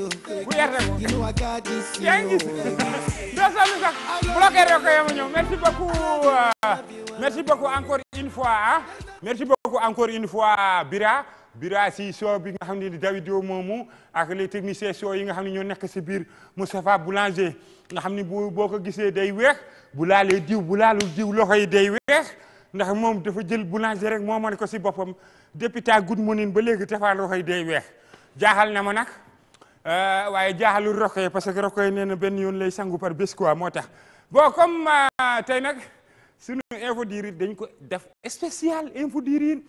bu yar rek ko yama ñëw euh, merci beaucoup encore une fois ah merci beaucoup encore une fois Bira Bira si soo bi nga xam ne Davido moomu ak les techniciens soo yi nga xam ne ñoo nekk si biir Moustapha Boulanger nga xam ni boo boo ko gisee day weex bu laalee diw bu laalul diw loxo yi day weex ndax moom dafa jël boulanger rek moo man ko si boppam depuis ta good ba léegi tafaa loxo yi day weex jaaxal na ma nag Eh, waaye jaaxalul Rokhaya parce que Rokhaya nee na benn yoon lay sangu par bés quoi moo tax bon comme euh, tey nag sunu info du rire dañ ko def spécial info du rire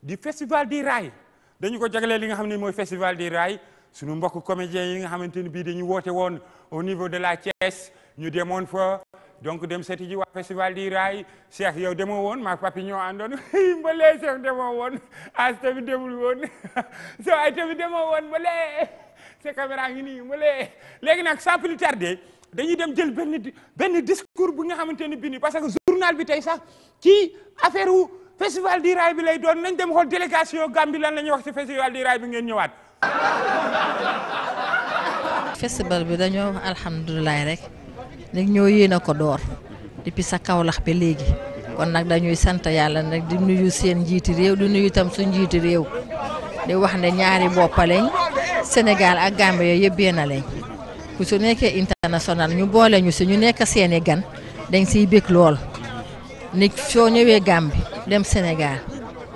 du festival du rail dañu ko jagleel li nga xam ne mooy festival du rail sunu mbokk comédien yi nga xamante ni bii dañu woote woon au niveau de la Thiès ñu demoon fa donc dem seeti ji waa festival du rail Cheikh yow demoo woon maak papi ñoo àndoon mbalee Cheikh demoo woon as woon so ay tamit demoo woon mbalee sa caméra ngi nii mu lee léegi nag sans plus dañuy dem jël benn benn discours bu nga xamante ni bii nii parce que journal bi tey sax ci affaire wu festival di raay bi lay doon nañ dem xool délégation Gambie lan la ñuy wax ci bi ngeen ñëwaat. festival bi dañoo wax rek léegi ñoo yéen a ko door depuis sa kawlax bi léegi kon nag dañuy sant yàlla nag di nuyu seen njiiti réew di nuyu itam su njiiti réew di wax ne ñaari bopp Sénégal ak Gambie yëpp benn lañ ku su nekkee international ñu boole ñu si ñu nekk seeni gan dañ siy bég lool nit soo ñëwee Gambie dem Sénégal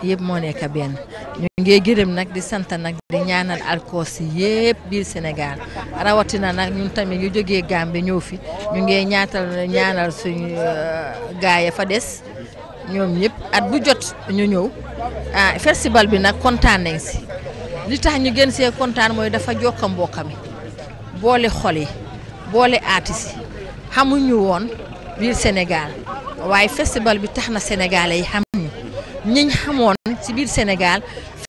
yépp moo nekk benn ñu ngi gërëm nag di sant nag di ñaanal alkoos si yëpp biir Sénégal rawatina nag ñun tamit yu jógee Gambie ñëw fi ñu ngi ñaatal ñaanal suñu euh, gaay ya fa des ñoom ñëpp at bu jot ñu ñëw ah festival bi nag kontaan si li tax ñu gën see kontaan mooy dafa jokk mbokk mi boole xol yi boole artiste yi xamuñu woon biir Sénégal waaye festival bi tax na sénégalais yi xam ni ñi xamoon ci biir Sénégal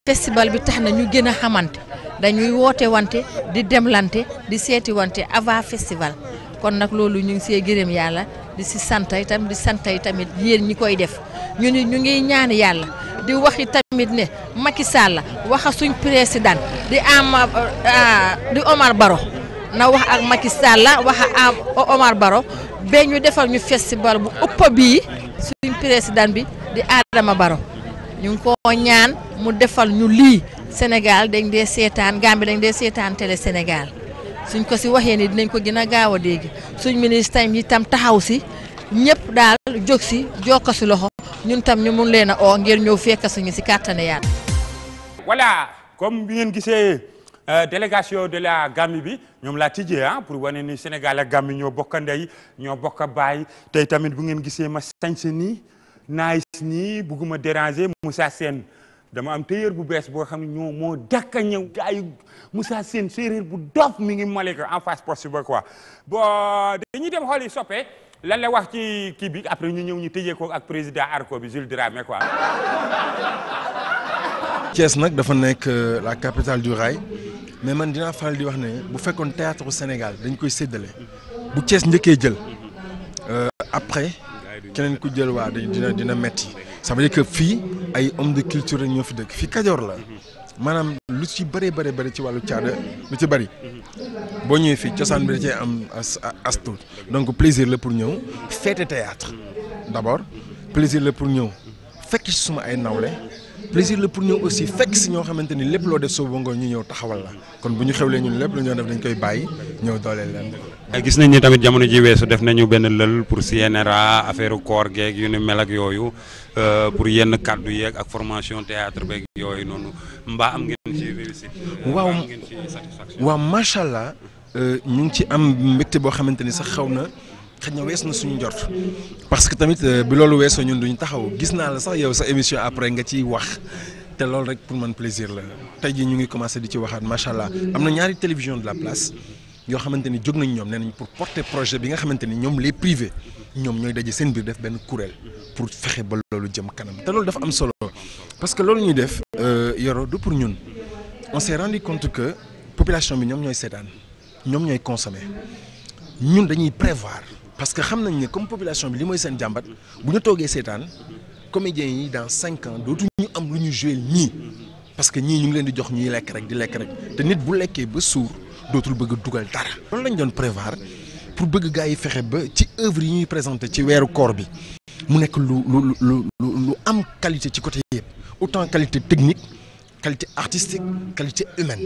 festival bi tax na ñu gën a xamante dañuy woote wante di demlante di seeti wante avant festival kon nag loolu ñu ngi see gërëm yàlla di si sant itam di sant tamit yéen ñi koy def ñu ni ñu ngi ñaan yàlla di wax tamit ne Macky Sall waxa suñ président di ama ah, di Omar Baro na wax ak Macky Sall wax ak Omar Baro ba ñu defal ñu festival bu ëpp bii suñ président bi di Adama Baro ñu ngi ko ñaan mu defal ñu lii Sénégal dañ dee seetaan Gambie dañ dee seetaan télé Sénégal suñ ko si waxee ni dinañ ko gën a gaaw a dégg suñ ministre yi tam taxaw si ñëpp daal jóg si jokko si loxo ñun tam ñu mun leen a oo ngir ñëw fekk suñu si kàttane yaat voilà comme bi ngeen gisee euh, délégation de la Gambie bi ñoom laa tijjee ah, pour wane ni Sénégal ak Gambie ñoo bokk ndey ñoo bokk baay tey tamit bu ngeen gisee ma sañse nii nice nii bugguma déranger Moussa seen dama am tailleur bu bees boo xam ne ñoo moo dàkka ñëw gars ay Moussa Sène séeréer bu dof mi ngi Malika en face poste ba quoi bon dañuy dem xool soppe lan la wax ci ki bi après ñu ñëw ñu tëjee ko ak président arco bi Jules Dramé quoi. Thiès nag dafa nekk euh, la capitale du rail mais man dina faral di wax ne bu fekkoon théâtre Sénégal dañ koy séddale bu cees njëkkee jël euh, après keneen ku jël waa dina dina metti ça veut que fii ay homme culture rek ñoo fi dëkk fii Kajoor la maanaam lu ci bare bare bëri ci wàllu caada lu ci bari boo ñëwee fii cosaan bi da cee am as as tuut donc plaisir la pour ñëw fête théâtre d'abord plaisir la pour ñëw fekk ci suma ay nawle plaisir la pour ñëw aussi fekk si ñoo xamante ni lépp loo def soo bëggoon ñu ñëw taxawal la kon bu ñu xewlee ñun lépp lu ñoo def dañ koy bàyyi ñëw dooleel gis nañ ni tamit jamono ji weesu def nañu benn lël pour CNRA affaire koor geeg yu ni mel ak yooyu euh, pour yenn kàddu yeeg ak formation théâtre beeg yooyu noonu mbaa am ngeen ci réussite. waaw am ngeen ci satisfaction. waaw macha allah euh, ñu ngi ci am mbégte boo xamante ni sax xaw na. xëy na wees na suñu njort parce que tamit euh, bi loolu weesoo ñun duñu taxaw gis naa la sax yow sa émission après nga ciy wax te loolu rek pour man plaisir la tey ji ñu ngi commencé di ci waxaat macha allah am na ñaari télévision de la place. yoo xamante ni jóg nañ ñoom nee ñu pour porté projet bi nga xamante ni ñoom les privés ñoom ñooy daje seen biir def benn kuréel pour fexe ba loolu jëm kanam te loolu dafa am solo parce que loolu ñu def euh, yoro du pour ñun on s'est rendu compte que population bi ñoom ñooy seetaan ñoom ñooy consommer ñun dañuy prévoir parce que xam nañ ne comme population bi li mooy seen jàmbat bu ñu toogee seetaan comédiens yi dans cinq ans dootu ñu am lu ñu jouer ñii parce que ñii ñu ngi leen di jox ñuy lekk rek di lekk rek te nit bu lekkee ba suur dootul bëgg dugal dara. loolu lañ doon prévoir pour bëgg gaa yi fexe ba ci œuvre yi ñuy présenté ci weeru koor bi mu nekk lu lu lu lu am qualité ci côté yëpp autant qualité technique. qualité artistique qualité humaine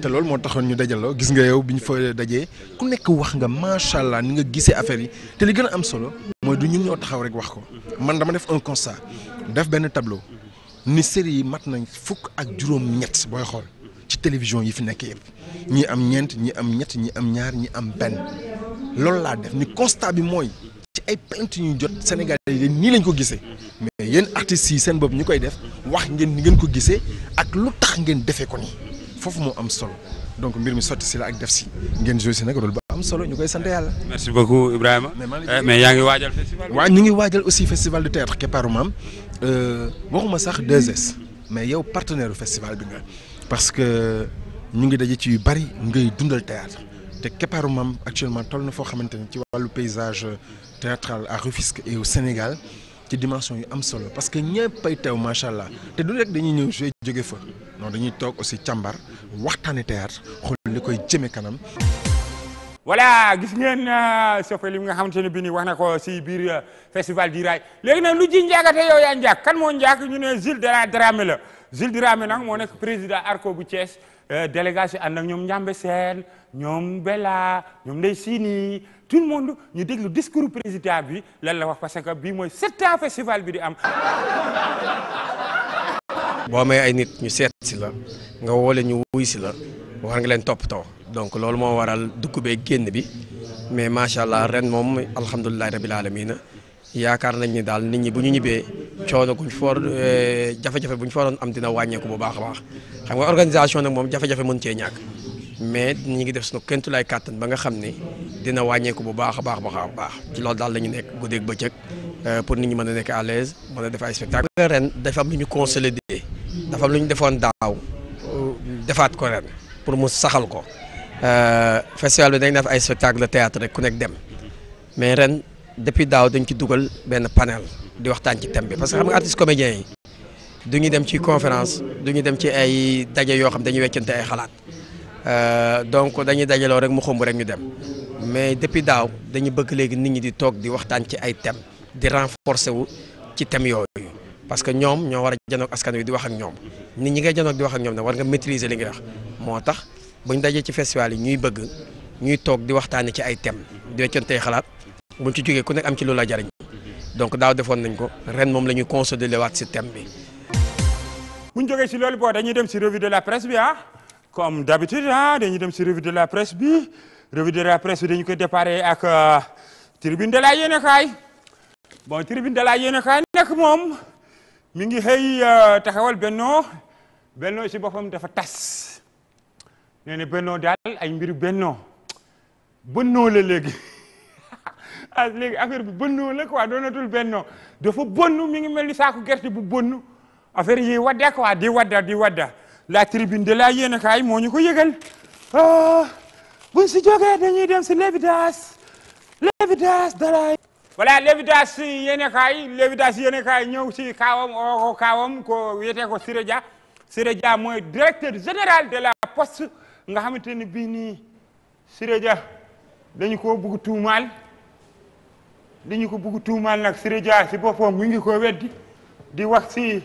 te loolu moo taxoon ñu dajaloo gis nga yow bi ñu fa dajee ku nekk wax nga macha allah ni nga gisee affaire yi te li gën a am solo mooy du ñu ñoo taxaw rek wax ko man dama def un constat def benn tableau ni série yi mat nañ fukk ak juróom-ñett booy xool. ci télévision yi fi nekk yëpp ñi am ñeent ñi am ñett ñi am ñaar ñi am benn loolu laa def ni constat bi mooy ci ay plainte ñuy jot Sénégalais yi nii lañ ko gisee mais yéen artistes yi seen bopp ñu koy def wax ngeen ni ngeen ko gisee ak lu tax ngeen defee ko nii foofu moo am solo donc mbir mi sotti si la ak def si ngeen joué si nag loolu ba am solo ñu koy sante yàlla. merci beaucoup Ibrahima. mais eh, yaa ngi waajal festival waaw ñu ngi waajal aussi festival de théâtre Keparu Maam euh, waxuma sax 2S mais yow partenaire festival bi nga. parce que ñu ngi daje ci yu bari ngay dundal théâtre te keppaaru maam actuellement toll na foo xamante ni ci wàllu paysage théâtral à Rufisque et au Sénégal ci dimension yu am solo parce que ñëpp ay teew macha allah te du rek dañuy ñëw jouer jóge fa non dañuy toog aussi càmbar waxtaane théâtre xool li koy jëme kanam. voilà gis ngeen euh, soppe nga xamante ne bii nii wax na ko si biir euh, festival di raay léegi nag lu ji njaagate yow yaa njaag kan moo njaag ñu ne Jules Jules Dramé nag moo nekk président ARCO bu Thiès euh, délégation ànd ak ñoom Njambe Seen ñoom Bella ñoom Ndey Sini tout le monde ñu déglu discours président bi lan la wax parce que bii mooy sept ans festival bi di am. boo amee ay nit ñu seet si la nga woole ñu wuy si la war nga leen toppatoo donc loolu moo waral dugg bee génn bi mais macha allah ren moom alhamdulilah rabil aalamiina yaakaar nañ ni daal nit ñi bu ñu ñibbee. coono guñ foor eh, jafe-jafe buñ fooroon am dina wàññeeku bu baax a baax xam nga organisation nag moom jafe-jafe mën cee ñàkk mais ñi ngi def suñu kéemtulaay kàttan ba nga xam ne dina wàññeeku bu baax a baax a baax ci loolu daal la ñu nekk guddeeg bëccëg eh, pour nit ñi mën a nekk à l'aise mën a def ay spectacle ren dafa am lu ñu consolider dafa am lu ñu defoon daaw euh, defaat ko ren pour mu saxal ko euh, festival bi dañ def ay spectacle de théâtre rek ku nekk dem mais ren depuis daaw dañ ci dugal benn panel di waxtaan ci thème bi parce que xam nga artiste comédien yi du ñu dem ci conférence du ñu dem ci ay daje yoo xam dañuy weccante ay xalaat euh, donc dañuy dajaloo rek mu xumb rek ñu dem mais depuis daaw dañu bëgg léegi nit ñi di toog di waxtaan ci ay thème di renforcer wu ci thème yooyu parce que ñoom ñoo war a janoog askan wi di wax ak ñoom nit ñi ngay janoog di wax ak ñoom nag war nga maîtriser li nga moo tax buñ dajee ci festival yi ñuy bëgg ñuy toog di waxtaanee ci ay thème di weccante ay xalaat buñ ci jógee ku nekk am ci loolu la jariñ donc daaw defoon nañ ko ren moom la ñuy consolider waat si thème bi. bu ñu si loolu boo dañuy dem si revue de la presse bi ah comme d'habitude ah dañuy dem si revue de la presse bi revue de la presse bi dañu ko déparé ak euh, tribune de la bon tribune de la yéenekaay nag moom mi ngi xëy euh, taxawal bennoo bennoo si boppam dafa tas nee na bennoo daal ay mbiru bennoo bennoo la léegi. ah léegi affaire bi bënnoo la quoi doonatul bennoo dafa bënn mi ngi mel ni saako gerte bu bënn affaire yi wadda quoi di wadda di la tribune de la yéenekaay moo ñu ko yëgal ah, buñ si jógee dañuy dem si Lévidas Lévidas dalaay voilà Lévidas yéenekaay si kaawam oo ko wéetee ko Siré Dia Siré Dia mooy directeur général de la poste nga xamante ne bii nii Siré Dia dañu koo bëgg li ñu ko bugg tuumaal nag Siré si boppam mu ngi ko weddi di wax si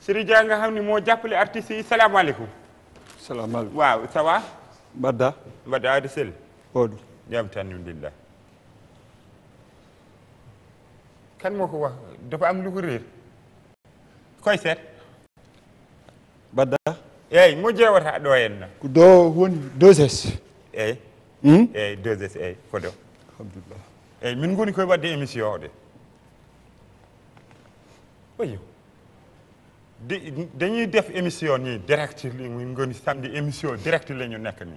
Siré nga xam ni moo jàppale artistes yi salaamaaleykum. salaamaaleykum waaw ça va. Badda. Badda Adi Sel. Odu. jaam tan alhamdulilah. kan moo ko wax dafa am lu ko réer. koy seet. Badda. eeyi mo jewata ɗo henna ko do woni deux s eyi hmm? eyi deux s eyi eyyi eh, min goni koye wadde émission o de oyo dañuy def émission ni direct li min goni samedi émission direct leñu nekk ni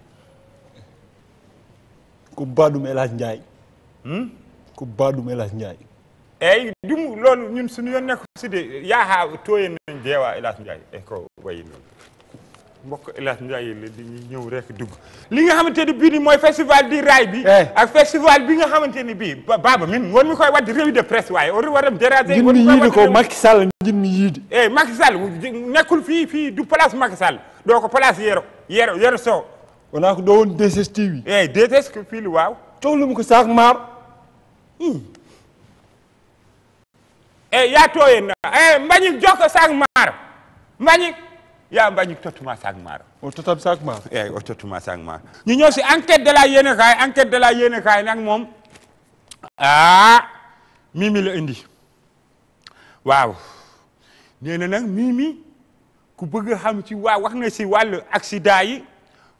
ko baɗum elas ndiaye hmm? ko baɗum elas ndiaye eyyi eh, ɗum lool ñun suñu yonne ko side yaha toyen jeewa elas ndiaye e ko wayi noon mbokk El Hadj Ndiaye la di dugg li nga xamante ni bii ni mooy festival di raay bi eh. ak festival bi nga xamante bii baaba min woon mi koy waddi revue de presse waaye war waram déranger jën mi yiidi ko Macky Sall jën mi yiidi nekkul fii fii du place Macky Sall doo ko place yero yero yero sow wonaa ko doo woon DSS TV eh DSS ko fii waaw coow lu mu ko saak maar hmm. eh yaa tooyeen na eh mbañik jokko saak maar mbañik yaa mbañi tottuma sak maaro o totam sak maaro eyyi eh, o tottuma sak maaro ñu ñëw si enquête de la yéene kaay enquête de la yéene kaay nag moom ah mimi la indi waaw nee na nag mimi ku bëgg xam ci waa wax na si wàllu accident yi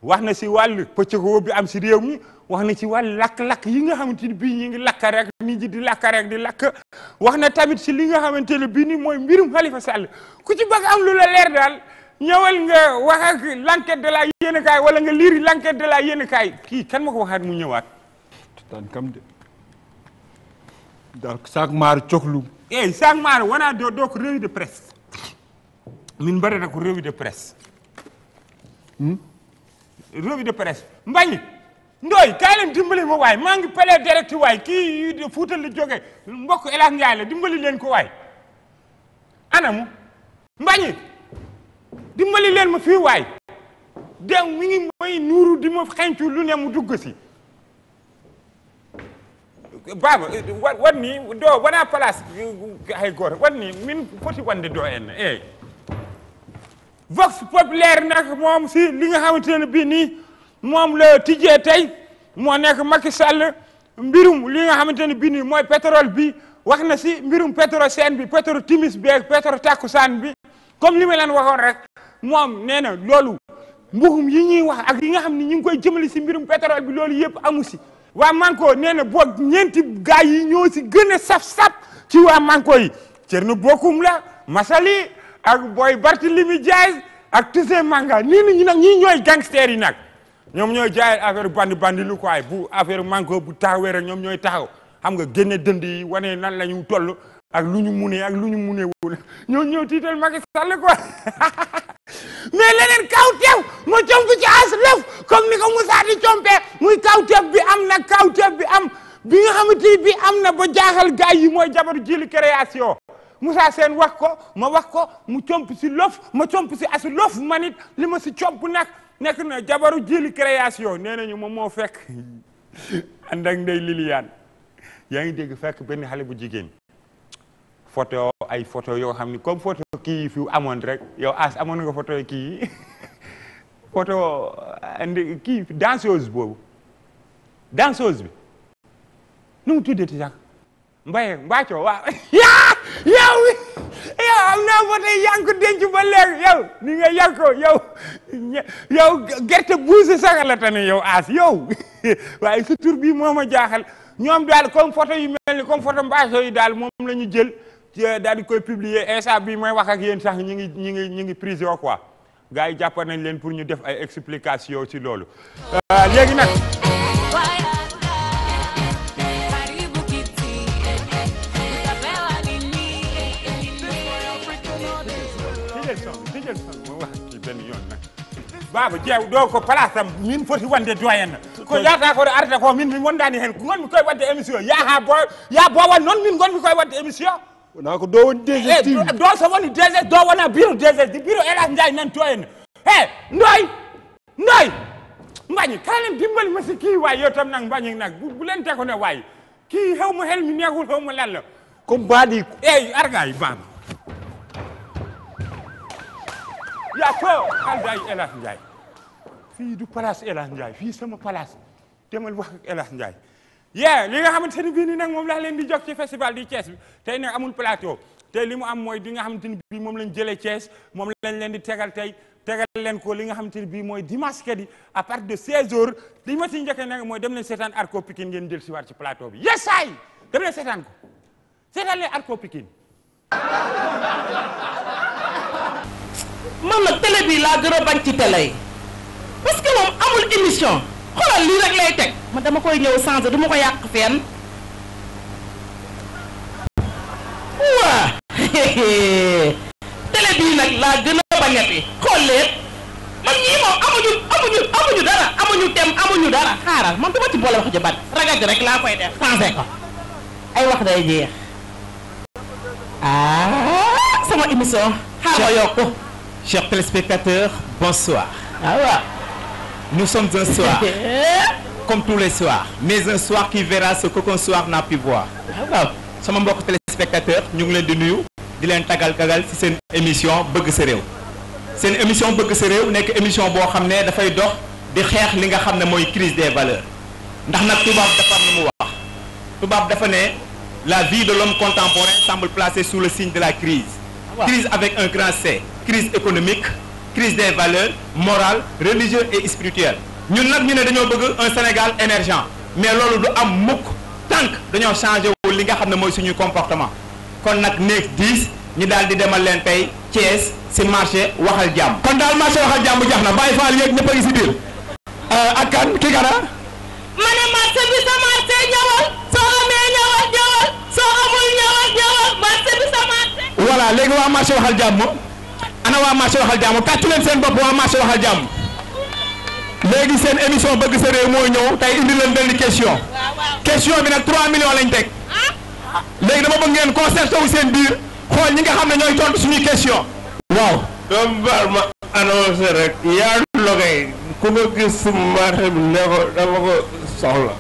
wax na si wàllu pëccëxoo bi am si réew mi wax na ci wàllu lakk-lakk yi nga xamante ni bii ñu ngi lakk rek nit ñi di lakk rek di lakk wax na tamit si li nga xamante ne bii ni mooy mbirum Khalifa ku ci bëgg am lu la leer daal ñëwal nga wax ak l'enquête wala nga lire l'enquête de la yéenekaay kii kan ma ko waxaat mu ñëwaat. tan kam de donc chaque maar coxlu. eh chaque maar wana do donc revue de presse. min mbaɗata ko revue de hmm? de presse mbañ. ndooy kaa leen dimbali ma waay maa ngi pale direct waay kii Fuuta la jóge mbokk El Hadj Ndiaye la dimbali leen ko waay anamu mbañi dimbali leen ma fii waay dem mi ngi may nuuru di ma xencu lu ne mu dugg si baaba wa wan ni doo wona place hay gooto wan min foti wonde doo en eh. eeyi vox populaire nag moom si li nga xamante ne bii nii moom la tijjee tey moo nekk Macky Sall mbirum li nga xamante ni bii nii mooy pétrole bi wax na si mbirum pétrole seen bi pétrole timis bi ak pétrole takkusaan bi comme li ma leen waxoon rek moom nee na loolu mbuxum yi ñuy wax ak yi nga xam ne ñu ngi koy jëmale si mbirum pétrole bi loolu yëpp amu si waa Manko nee na boog ñeenti gaay yi ñoo si gën a saf-saf ci wa Manko yi Thierno Bocoum la masali ak Boy Barthélémy Dias ak Toussaint Manga nii na ñu nag ñii ñooy gangster yi nag ñoom ñooy jaay affaire bandi bandi lu quoi bu affaire Manko bu taxawee rek ñoom ñooy taxaw xam nga génne dënd yi wane nan la ñu toll ak lu ñu munee ak lu ñu munee wul ñoo ñëw tiital Macky Sall quoi mais leneen kawteef mu comp ci as lëf comme ni ko Moussa di compee muy kawteef bi am na kawteef bi am bi nga xamante ni bi am na ba jaaxal gaay yi mooy jabaru jili création musa seen wax ko ma wax ko mu comp si lëf ma comp si as lof man it li ma si comp nag nekk na jabaru jili création nee nañu moom moo fekk ànd ak ndey Liliane yaa ngi dégg fekk benn xale bu jigéen photo ay photo yoo xam ni comme photo kii yi fi amoon rek yow as amoon nga photo kii yi photo andi euh, kii danseuse boobu danseuse bi nu mu tuddati sax mbaye mbaacoo waaw yaa yow ba léegi yow ni nga yanko yow yow gerte buuse sax la tane yow as yow waaye sa tur bii moo ma jaaxal daal comme photo yu mel ni comme photo mbaacoo yi daal moom la ñu jël Eh, daal di koy publier instant bi mooy wax ak yéen sax ñi ngi ñi ngi ñi ngi prison quoi gars yi jàpp nañ leen pour ñu def ay explication ci loolu euh, léegi nag baaba jeew ɗo ko place am min foti wonde doyen ko yata koɗo arata ko min min gondani hen gonmi koye wadde émission ya ha bo ya bowan noon min gonmi koye wadde émission naa ko doo eh, woni DSS doo so woni DSS di bureau Elhadji Ndiaye nan to en he eh, ndoy ndoy mbañi kalen dimbali kii waay yow tam nag mbañi nag bu leen te waay kii xew ma xel mi neexul xew ma lan la comme baadi ko ey eh, argaay baam yaa ko alday Elhadji Ndiaye fii du place Elhadji Ndiaye fii sama place demal wax ak Elhadji yee li nga xamante ni bii ni nag moom laa leen di jox ci festival di Thiès bi tey nag amul plateau tey li mu am mooy di nga xamante ni bii moom lañ jëlee Thiès moom lañ leen di tegal tey tegal leen ko li nga xamante ni bii mooy dimanche kat yi à partir de 16h li ma si njëkkee nag mooy dem leen seetaan Arco Pikine ngeen jël si waat ci plateau bi yesaay dem leen seetaan ko seetaan leen Arco Pikine. man nag télé bii laa gën a bañ ci télé yi parce que moom amul émission. xoolal lii rek lay teg ma dama koy ñëw changer du ko yàq fenn. waa télé bii nag laa gën a bañati xool leen man ñii moom amuñu amuñu amuñu dara amuñu tem amuñu dara xaaral man dama ci boole wax ju bari rek laa koy def changer ko ay wax day jeex ah sama émission. xaaral ma yokku. chers téléspectateurs bonsoir. ah waaw. Nous sommes un soir, eh? comme tous les soirs, mais un soir qui verra ce qu'aucun soir n'a pu voir. Ah, sama mbokk téléspectateur ñu ngi leen di nuyu di leen tagal-tagal ci seen émission bëgg sa réew seen émission bëgg sa réew nekk émission boo xam ne dafay dox di xeex li nga xam ne mooy crise des valeurs ndax nag tubaab dafa am lu mu wax tubaab dafa ne la vie de l'homme contemporain semble placée su le signe de la crise ah, crise avec un grand C crise économique crise de valeurs morales religieuses et spirituelles ñun nag ñu ne dañoo bëgg un Sénégal émergent mais loolu du am mukk tànk dañoo changé wu li nga xam ne mooy suñuy comportement kon nag néeg 10 ñu daal di demal leen tey Thiès si marché waxal jàmm. kon daal marché waxal jàmm jax na bàyyi faal yéeg ñëpp a ngi si biir. Euh, ak kan ki gara ma ne marché bi sa marché ñëwal soo amee ñëwal ñëwal soo amul ñëwal ñëwal marché bi sa marché. voilà léegi waa marché waxal jàmm. ana waa marché waxal jàmm tàccu leen seen bopp waa marché waxal jàmm léegi seen émission bëgg sa réew mooy ñëw tey indi leen benn question question bi nag 3 millions lañ teg léegi dama bëgg ngeen concerté wu seen biir xool ñi nga xam ne ñooy tontu suñuy question waaw. doomu baal ma annoncé rek yaa logay ku ko gis su marché bi ne ko dama ko soxla.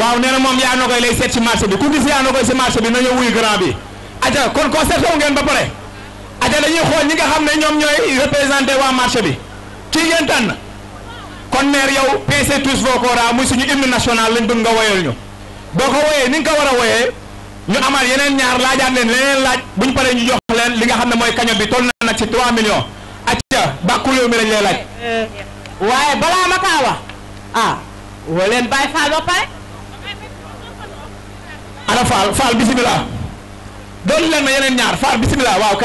waaw nee na moom yaa nogoy lay seet ci marché bi ku gis yaa nogoy ci marché bi na ñëw wuyu grand bi. aja kon concerté ngeen ba pare. aja dañuy xool ñi nga xam ne ñoom ñooy représenté waa marché bi kii ngeen tànn kon maire yow PC tous vos cora muy suñu hymne national lañ bëgg nga woyal ñu boo ko woyee ni nga ko war a woyee ñu amaat yeneen ñaar laajaat leen leneen laaj buñ paree ñu jox leen li nga xam ne mooy kaño bi toll na nag ci 3 millions acca bàkku réew mi lañ lay laaj waaye balaa ma kaa wax ah woo leen bàyyi faal ba pare ana faal faal bisimilah doon leen na yeneen ñaar faal bisimilah waaw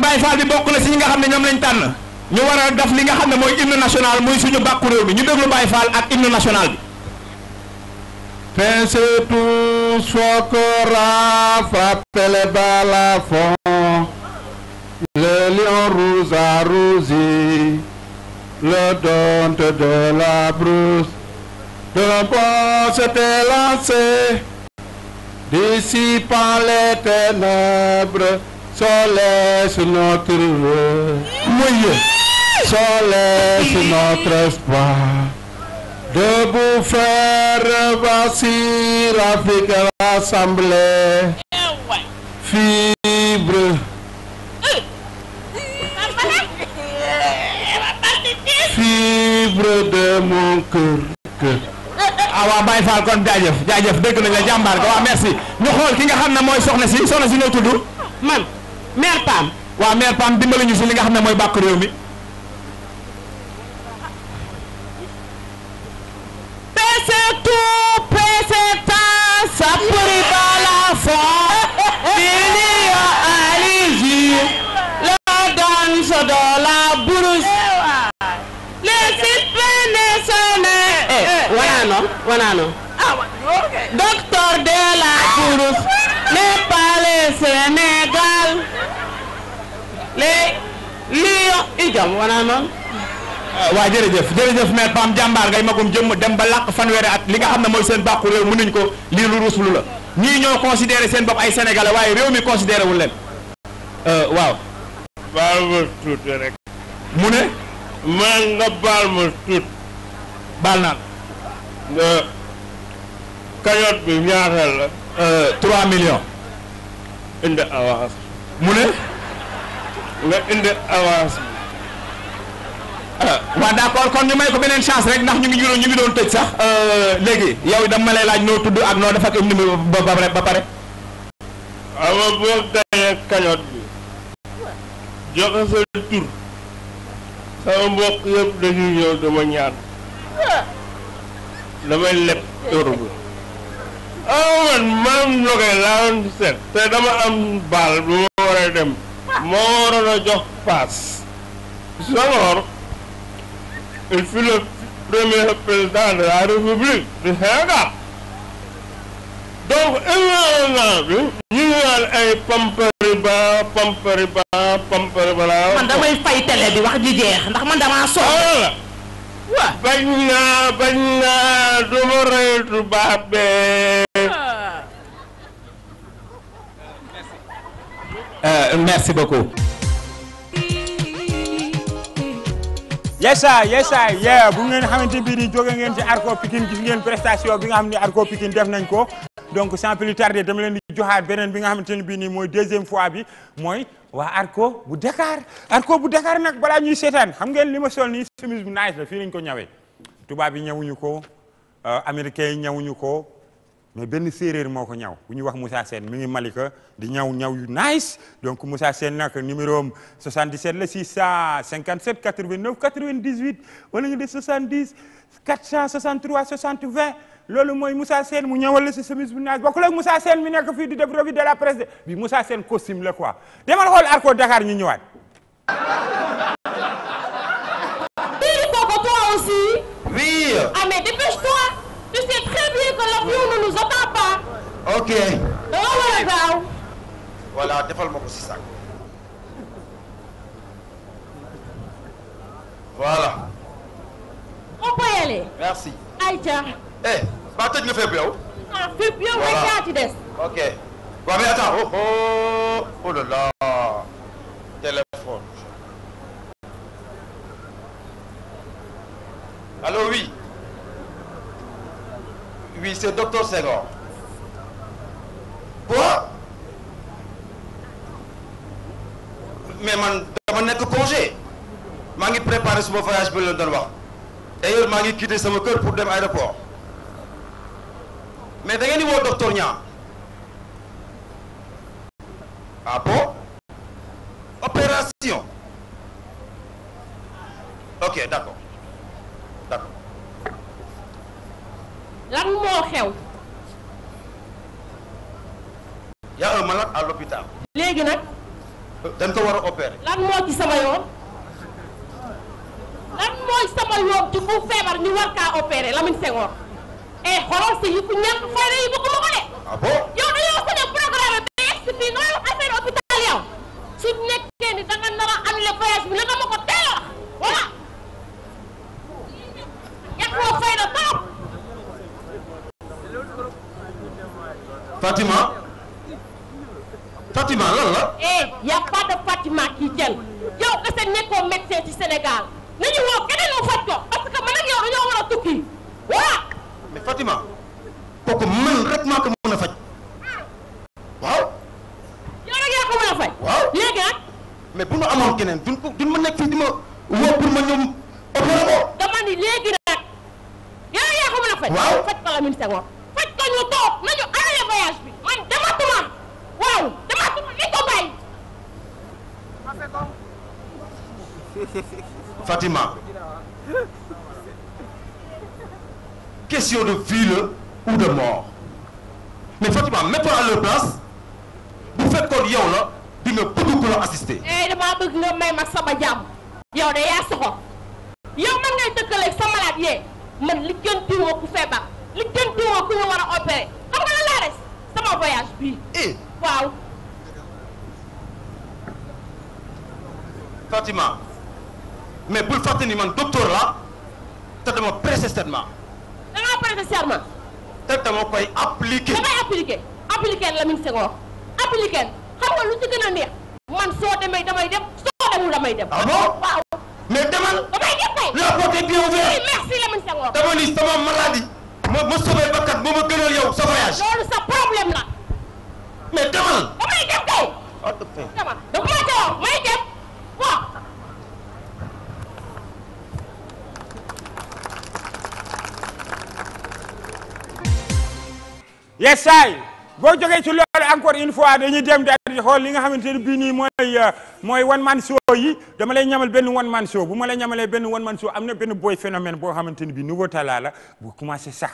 kon Baye Fall bokk na si ñi nga xam ne ñoom lañ tànn ñu war a def li nga xam ne mooy hymne national muy suñu bàkku réew mi ñu déglu Baye Fall ak hymne national bi Pensez tous le lion rouge a le don de la brousse, de la bon s'était lancé, dissipant les ténèbres. Soleil sur notre mouillé, soleil Fibre. de mon cœur. ah waaw Baye Fall kon jaajëf jaajëf dégg nañ la jàmbaar ga waaw merci ñu xool ki nga xam mooy soxna si soxna si ñoo man. maire PAM waaw maire a dimbali ñu si li nga xam ne mooy bàkk réew mi pese tout pese temps sapuri bala fond milio aligi la danse de la brousse les hispaniques sont eh wanaano eh, eh, eh. wanaano ah, docteur de la brousse les ah. palais les lions i jam wana noonu ah, jërëjëf jërëjëf maire Pam jàmbaar ngay magum jëmm dem ba làq fanweeri at li nga xam ne mooy seen bàqu réew mënuñ ko lii lu ruslu la ñii ñoo considéré seen bopp ay sénégalais waaye réew mi considéré wul leen euh, waaw baal ma tuuti mu ne man nga baal ma tuut baal naan cagnotte bi ñaata la 3 euh, millions mu ne nga indi avance bi. daa ah, ko kon ñu may ko beneen chance rek ndax ñu ngi ñu ngi doon tëj sax euh, léegi yow yi dama ma laaj noo tudd ak noo def ak indi ba ba ba pare. waaw ma boo gañee cagnotte bi joxe sa tur sama mbokk yëpp dañuy ñëw dama ñaan damay leb euro bi ah man maam Ndoge laa doon seet te dama am baal bu ma war dem. moo jox paas Senghor il fut le premier président de la république du Sénégal donc événement bi ñu ngi naan ay Pampariba Pampariba Pampariba laa man damay fay télé bi wax ji jeex ndax man damaa soxla ah, bañ naa bañ naa du Euh, merci beaucoup. yes sir yes sir yeah bu ngeen xamante bi ni jóge ngeen ci Arco Pikine gis ngeen prestation bi nga xam ne Arco Pikine def nañ ko donc sans plus tarder dama leen di joxaat beneen bi nga xamante ni bii nii mooy deuxième fois bi mooy waa Arco bu Dakar Arco bu Dakar nag bala ñuy seetaan xam ngeen li ma sol ni chemise bu nice la fii lañ ko ñawee tubaab yi ñawuñu ko euh, américain yi ñawuñu ko mais benn séeréer moo ko ñaw bu ñu wax Moussa Sène mi ngi Malika di ñaw ñaw yu nice donc Moussa Sène nag numéro am 77 la 657 89 98 wala nga def 70 463 60 20 loolu mooy Moussa seen mu ñëwal la si chemise bu nice bokkul ak Moussa Sène mi nekk fii di def revue de la presse de bi Moussa Sène costume la quoi demal xool Arco Dakar ñu ñëwaat. Dis-le, Coco, toi aussi. Oui. Ah ok. dama war a gaaw. voilà defal ma ko si saako. voilà. moo ko yelee. merci. ayca. eh ba tëj nga fépp yow. ah fépp yow rek yaa ci des. ok waaw mais attends oh oh oh là là téléphone. allô oui. oui c'est docteur Senghor. pourquoi mais man dama nekk congé maa ngi préparé suma voyage bi la doon wax d'ailleurs maa ngi quitté sama kër pour dem aéroport mais da ngeen di woo docteur Niang ah bon opération ok d'accord d'accord y a un à l'hôpital léegi nag. dañ ko war a opérer. lan moo ci sama yoon. lan mooy sama yoon ci ku feebar ñu war kaa opérer Lamine Senghor. eh xoolal sa yëpp ñàkk fayda yi bëgg ma ko de. ah yow dañoo ko nekkee ni da nga nar a annulé bi naka ma ko teel a wax voilà. ñàkk foo fayda Fatima. Fatima lan la. eh y' a kii jël yow kese nekkoo médecin ci Sénégal nañu woo keneen mu faj ko parce que man ak yow war a tukki voilà. mais Fatima kooku man rek maa ko mën a faj waaw. yow rek yaa ko mën a faj. léegi nag. mais yaa ko mën a faj. waaw faj ko la ministère faj ko ñu toog. Fatima question de vie ou de mort mais Fatima mets à leur place bu fekkoon yow la di nga bëgg ko la assister. eh damaa bëgg nga may ma sama jàmm. yow de yaa soxor yow man ngay dëkkaleeg sa malade yee man li gën diwoo feebar li gën diwoo ku war a opérer xam nga la laa res sama voyage bii. Eh. waaw. Fatima mais bul fàtte ni la te dama prêter serment. da ngaa prêter serment. te dama koy appliquer. da ngay appliquer appliquer la Lamine Senghor appliquer lu ci gën man soo demee damay dem soo demul damay dem. ah bon waaw. mais demal. damay dem kay. la porte est bien ouverte. oui merci Lamine Senghor. dama ni sama maladie. ma ma sauvé bakkat moo ma gënal yow sa voyage. loolu sa problème la. mais demal. damay dem kay. ah dama dama may dem. yes saay boo jógee ci loolu encore une fois dañuy dem daal di li nga xamante ne bii nii mooy euh, mooy one man show yi dama lay ñamal benn one man show bu ma lay ñamalee benn one man show am na benn boy phénomène boo xamante ne bii nouveau talent la bu commencé sax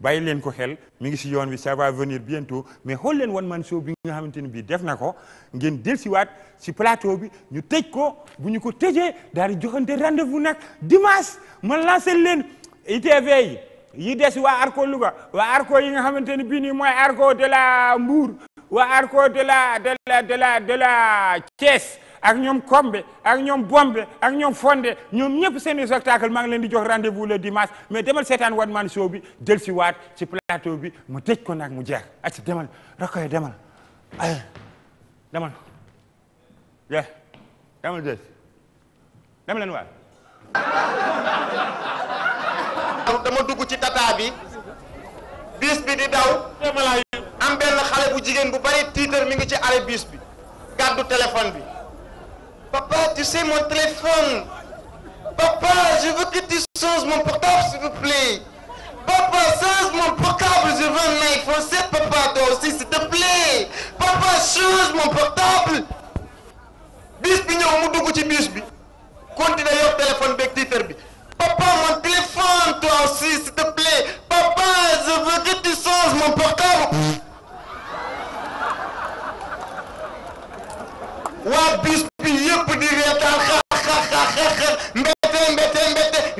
bàyyi leen ko xel mi ngi si yoon bi ça va venir bientôt mais xool leen one man show bi nga xamante ne bii def na ko ngeen dellusiwaat si plateau bi ñu tëj ko bu ñu ko tëjee daal di joxante rendez-vous nag dimanche ma lancé leen ITV yi. yi des waa ARCO Louga waa ARCO yi nga xamante ne bii nii mooy ARCO de la Mbour waa ARCO de la de la de la de ak ñoom Kombe ak ñoom Bombe ak ñoom Fonde ñoom ñëpp seeni spectacle maa ngi leen di jox rendez-vous le dimanche mais demal seetaan one man show del si waat ci plateau bi mu tëj ko nag mu jeex ac demal rakoy demal ay demal ye demal des ci état bi bis bi di daw am benn xale bu jigéen bu bari tiitar mi ngi ci arrêt bis bi gàddu téléphone bi papa tu sais mon téléphone papa je veux que tu changes mon te plaît papa change mon portable bi ñëw mu dugg ci biis bi continuer yor téléphone beeg tiitar bi Papa, mon téléphone, toi aussi, s'il te Papa, je veux que tu changes mon portable. waa bis yëpp di reetaan xaxaxaxax mbete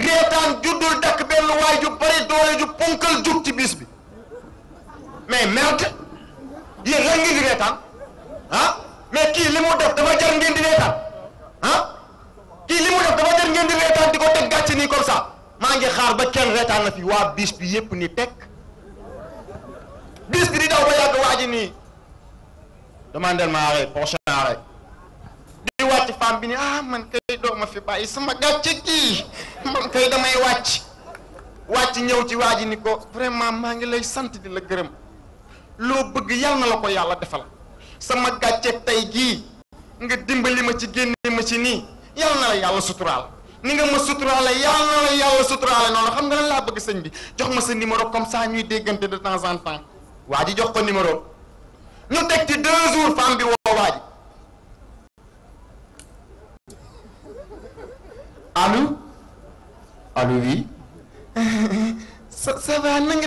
dakk benn ju bari doole ju ponkal jug ci bis bi mais merde yéen lan reetaan ah mais kii li mu def dafa jar ngeen di reetaan ah lii li mu def dafa jël ngeen di reetaan di ko teg gàcce nii comme ça maa ngi xaar ba kenn reetaan na fi waa bis bi yépp ni teg bis bi di daw ba yàgg waa ji nii demandel ma arrêt prochain arrêt di wàcc femme bi ni ah man kay doo ma fi bàyyi sama gàcce kii man kay damay wàcc wàcc ñëw ci waa ji ni ko vraiment maa ngi lay sant di la gërëm loo bëgg yàlla na la ko yàlla defal sama gàcce tey gii nga dimbali ma ci génne ma ci nii yal na la yàlla suturaal ni nga ma suturaale yal na la yàlla noonu xam nga lan laa bëgg sëñ bi jox ma sa numéro comme ça ñuy déggante de temps en temps waa ji jox ko numéro ñu teg ci deux jours femme bi woo waa ji allo allo oui ça ça va na nga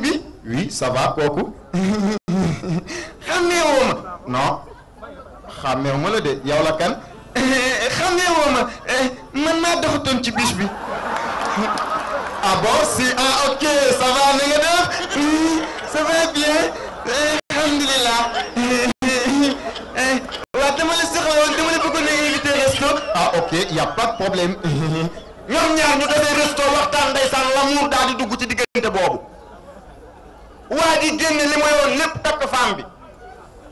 bi oui ça va kooku xàmmeewoo ma non xàmmeewu ma la de yow la kan xamee woo eh, ma man maa doxatoon ci bis bi. ah bon si ah ok ça va na nga def ça va bien eh, alhamdulilah. Eh, waaw dama la soxla woon dama la bëggoon a invité resto. ah ok y' a de problème. ñoom ñaar ñu defee resto waxtaan ndeysaan l'amour daal di dugg ci diggante boobu. waa ji génn li ma yoon lépp takk femme bi.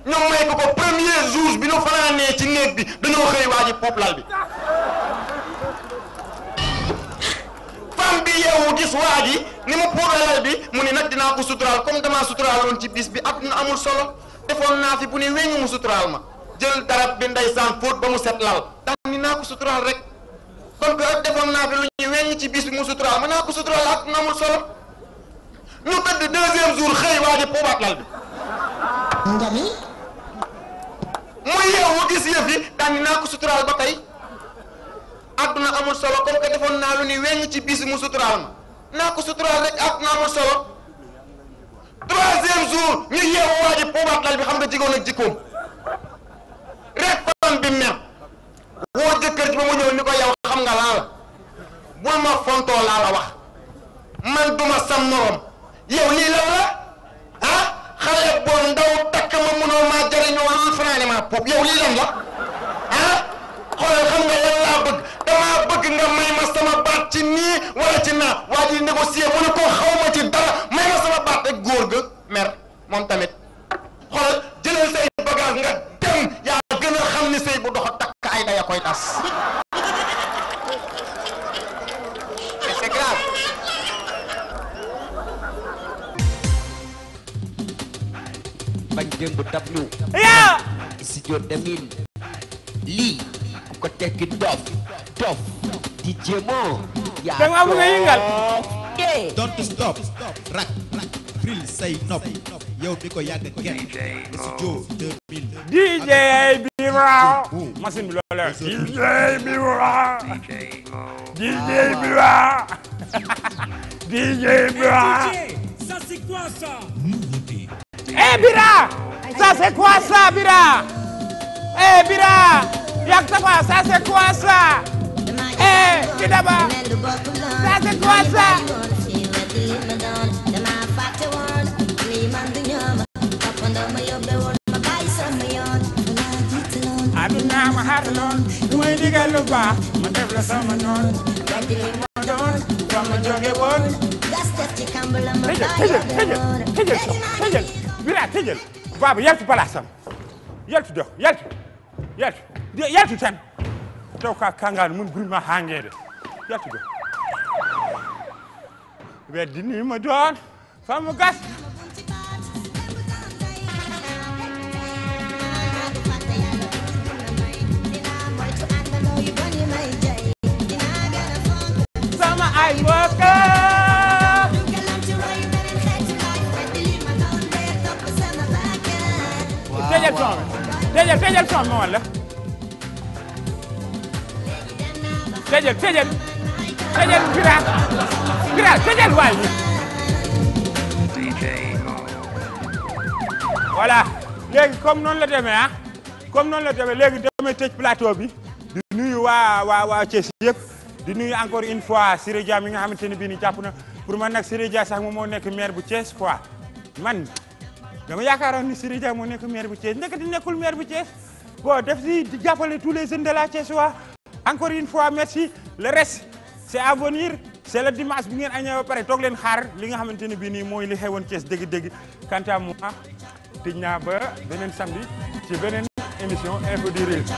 ñoom may ko premier jour bi nu fanaanee ci néeg bi dañoo xëy waa ji pop lal bi femme bi yeewu gis waa ji ni mu puuralal bi mu ni nag dinaa ko suturaal comme damaa suturaaloon ci bis bi àdduna amul solo defoon naa fi bu ni weñu mu suturaal ma jël darab bi ndeysaan fóot ba mu set lal daan ni naa ko naa fi lu ci bis bi mu ma ko suturaal àdduna amul solo ñu tëdd deuxième mu yeewu gis yëf yi daan naa ko suturaal ba tey àdduna amul solo comme que naa lu ni weng ci bis mu suturaal ma naa ko suturaal rek àdduna amul solo troisième jour ñu yeewu waa ji bi xam nga jigéen ak jikkoom rek fam bi mer woo jëkkër ji ba mu ñëw ni ko yow xam nga laa la bul ma fontoo laa la wax man duma sam morom yow lii la la ah xale boo ndaw que ma mënoo maa jariñoo lii franchement pop yow lii lan la ah xoolal xam nga lan bëgg damaa bëgg nga may ma sama baat ci nii wala ci naa waa ji négocier mu ne ko xaw ci dara may ma sama baat rek góor mer moom tamit xoolal jëlal say bagage nga dem yaa gën a xam ni sëy bu dox takk ay daya koy tas bañ démb dab ñu lii ku ko tekki dof dof di jéemoo yaa danga bëgg a don't stop rak rak fril say nopp yow di ko yàgg kenn studio demin DJ Bira machine bi loolu la DJ Bira DJ Bira DJ Bira ça c'est quoi eh Bira ça c'est quoi ça Bira eh Bira yak Tapha ça c'est quoi ça eh Kidaba ça c'est quoi ça. aduna ma xaar loon du may digal lu baax ma def la sama noon dagg li ma doon fa ma jóge woon gas def ci kàmb la ma bàyyi tëjal baba yaltu palaasam yaltu do yaltu yaltu yaltu tan taw ka kangaan mun gurma hangeede yaltu do weddinima doon famu gas sama ay mbokk front bi tëjal ma wan la tëjal tëjal tëjal Firas Firas tëjal waay voilà léegi comme noonu la demee ah comme noonu la demee léegi damay tëj plateau bi di nuyu waa waa waa Thiès di nuyu encore une fois Siré mi nga xamante ne bii ni jàpp na pour man nag Siré Dia sax moom moo nekk maire bu Thiès quoi man dama yaakaaroon ni Siré Dia moo nekk maire bu Thiès ndekete nekkul maire bu Thiès bon def si di jàppale tous les jeunes de encore une fois merci le reste c' est à venir c' est dimanche bi ngeen añee ba pare toog leen xaar li nga xamante ne bii nii mooy li xewoon Thiès dégg-dégg quant à moi tëj naa ba beneen samedi ci beneen émission info du